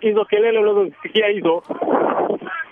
hizo kelele unazozisikia hizo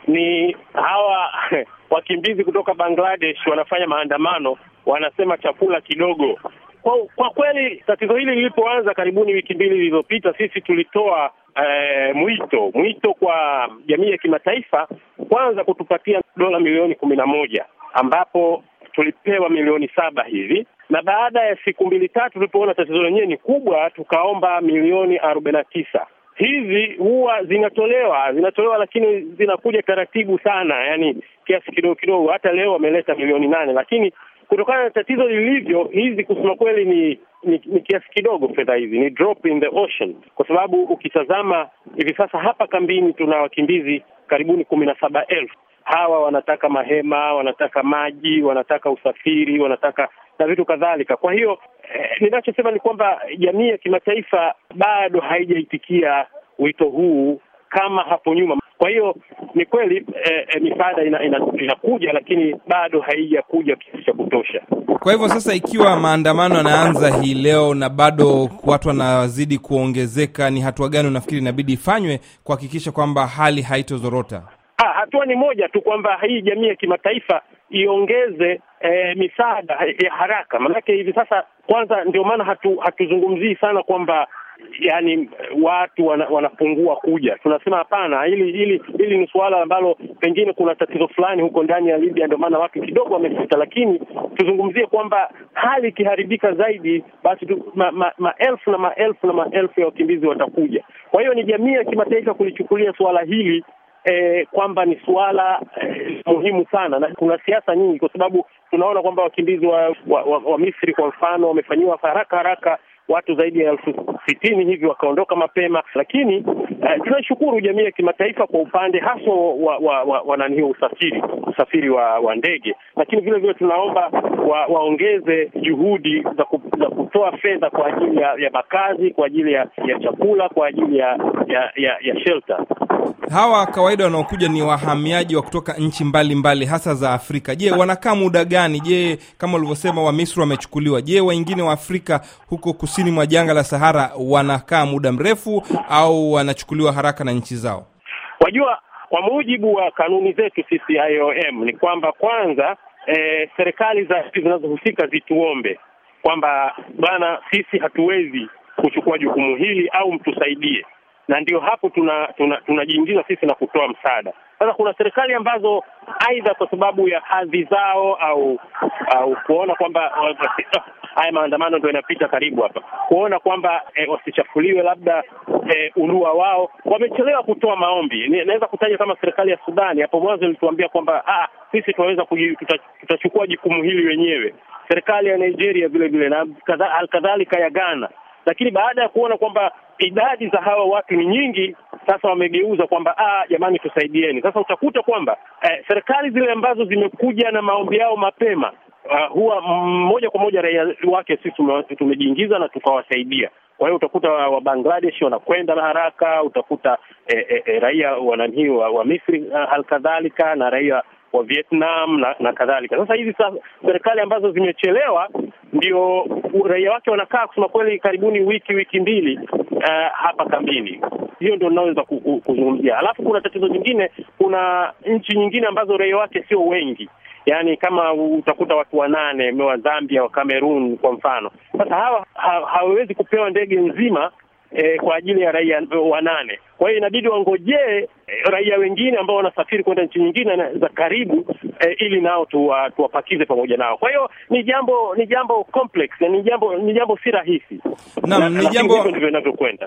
ni hawa wakimbizi kutoka Bangladesh wanafanya maandamano, wanasema chakula kidogo. Kwa, kwa kweli tatizo hili lilipoanza karibuni wiki mbili zilizopita, sisi tulitoa eh, mwito mwito kwa jamii ya kimataifa kwanza kutupatia dola milioni kumi na moja ambapo tulipewa milioni saba hivi na baada ya siku mbili tatu tulipoona tatizo lenyewe ni kubwa, tukaomba milioni arobaini na tisa hizi huwa zinatolewa zinatolewa, lakini zinakuja taratibu sana, yani kiasi kidogo kidogo. Hata leo wameleta milioni nane, lakini kutokana na tatizo lilivyo, hizi kusema kweli ni ni, ni kiasi kidogo fedha hizi, ni drop in the ocean, kwa sababu ukitazama hivi sasa hapa kambini tuna wakimbizi karibuni kumi na saba elfu. Hawa wanataka mahema, wanataka maji, wanataka usafiri, wanataka na vitu kadhalika. Kwa hiyo Eh, ninachosema ni kwamba jamii ya kimataifa bado haijaitikia wito huu kama hapo nyuma. Kwa hiyo ni kweli eh, eh, misaada inakuja ina, ina lakini bado haijakuja kiasi cha kutosha. Kwa hivyo sasa, ikiwa maandamano yanaanza hii leo na bado watu wanazidi kuongezeka, ni hatua gani unafikiri inabidi ifanywe kuhakikisha kwamba hali haitozorota? Ha, hatua ni moja tu kwamba hii jamii ya kimataifa iongeze eh, misaada ya haraka, maanake hivi sasa kwanza ndio maana hatu hatuzungumzii sana kwamba yani watu wana, wanapungua kuja. Tunasema hapana, hili hili hili ni suala ambalo pengine kuna tatizo fulani huko ndani ya Libya, ndio maana watu kidogo wamesita, lakini tuzungumzie kwamba hali ikiharibika zaidi, basi ma, ma, maelfu na maelfu na maelfu ya wakimbizi watakuja. Kwa hiyo ni jamii ya kimataifa kulichukulia suala hili eh, kwamba ni suala eh, muhimu sana, na kuna siasa nyingi, kwa sababu tunaona kwamba wakimbizi wa, wa, wa, wa Misri kwa mfano wamefanyiwa haraka haraka watu zaidi ya elfu sitini hivi wakaondoka mapema, lakini eh, tunashukuru jamii ya kimataifa kwa upande haswa wa, wa, wa, wa nani hiyo usafiri usafiri wa, wa ndege, lakini vile vile tunaomba wa, waongeze juhudi za, ku, za kutoa fedha kwa ajili ya, ya makazi, kwa ajili ya, ya chakula, kwa ajili ya ya, ya, ya shelter hawa kawaida wanaokuja ni wahamiaji wa kutoka nchi mbalimbali hasa za Afrika. Je, wanakaa muda gani? Je, kama ulivyosema Wamisri wamechukuliwa, je, wengine wa Afrika huko kusini mwa janga la Sahara wanakaa muda mrefu au wanachukuliwa haraka na nchi zao? Wajua, kwa mujibu wa kanuni zetu sisi IOM ni kwamba kwanza, e, serikali za nchi zinazohusika zituombe kwamba bana, sisi hatuwezi kuchukua jukumu hili au mtusaidie na ndio hapo tunajiingiza tuna, tuna sisi na kutoa msaada. Sasa kuna serikali ambazo aidha kwa sababu ya hadhi zao au au kuona kwamba haya maandamano ndio yanapita karibu hapa, kuona kwamba e, wasichafuliwe labda e, ulua wao, wamechelewa kutoa maombi. Naweza kutaja kama serikali ya Sudani, hapo mwanzo ilituambia kwamba ah, sisi tunaweza tutachukua jukumu hili wenyewe. Serikali ya Nigeria vile vile na alkadhalika ya Ghana lakini baada ya kuona kwamba idadi za hawa watu ni nyingi, sasa wamegeuza kwamba ah, jamani, tusaidieni. Sasa utakuta kwamba eh, serikali zile ambazo zimekuja na maombi yao mapema Uh, huwa moja kwa moja raia wake sisi tumejiingiza na tukawasaidia. Kwa hiyo utakuta wa Bangladesh wanakwenda na haraka, utakuta eh, eh, eh raia wananii wa, wa Misri uh, ah, halikadhalika na raia wa Vietnam na, na kadhalika. Sasa hizi serikali ambazo zimechelewa ndio raia wake wanakaa kusema kweli karibuni wiki wiki mbili uh, hapa kambini. Hiyo ndio inaweza kuzungumzia. Alafu kuna tatizo nyingine kuna nchi nyingine ambazo raia wake sio wengi yaani kama utakuta watu wanane wa Zambia wa Cameroon kwa mfano. Sasa hawa hawawezi kupewa ndege nzima e, kwa ajili ya raia wanane. Kwa hiyo inabidi wangojee e, raia wengine ambao wanasafiri kwenda nchi nyingine za karibu e, ili nao tuwa, tuwapakize pamoja nao. Kwa hiyo ni jambo ni jambo complex, ni jambo ni jambo si rahisi, naam, ni jambo ndivyo inavyokwenda.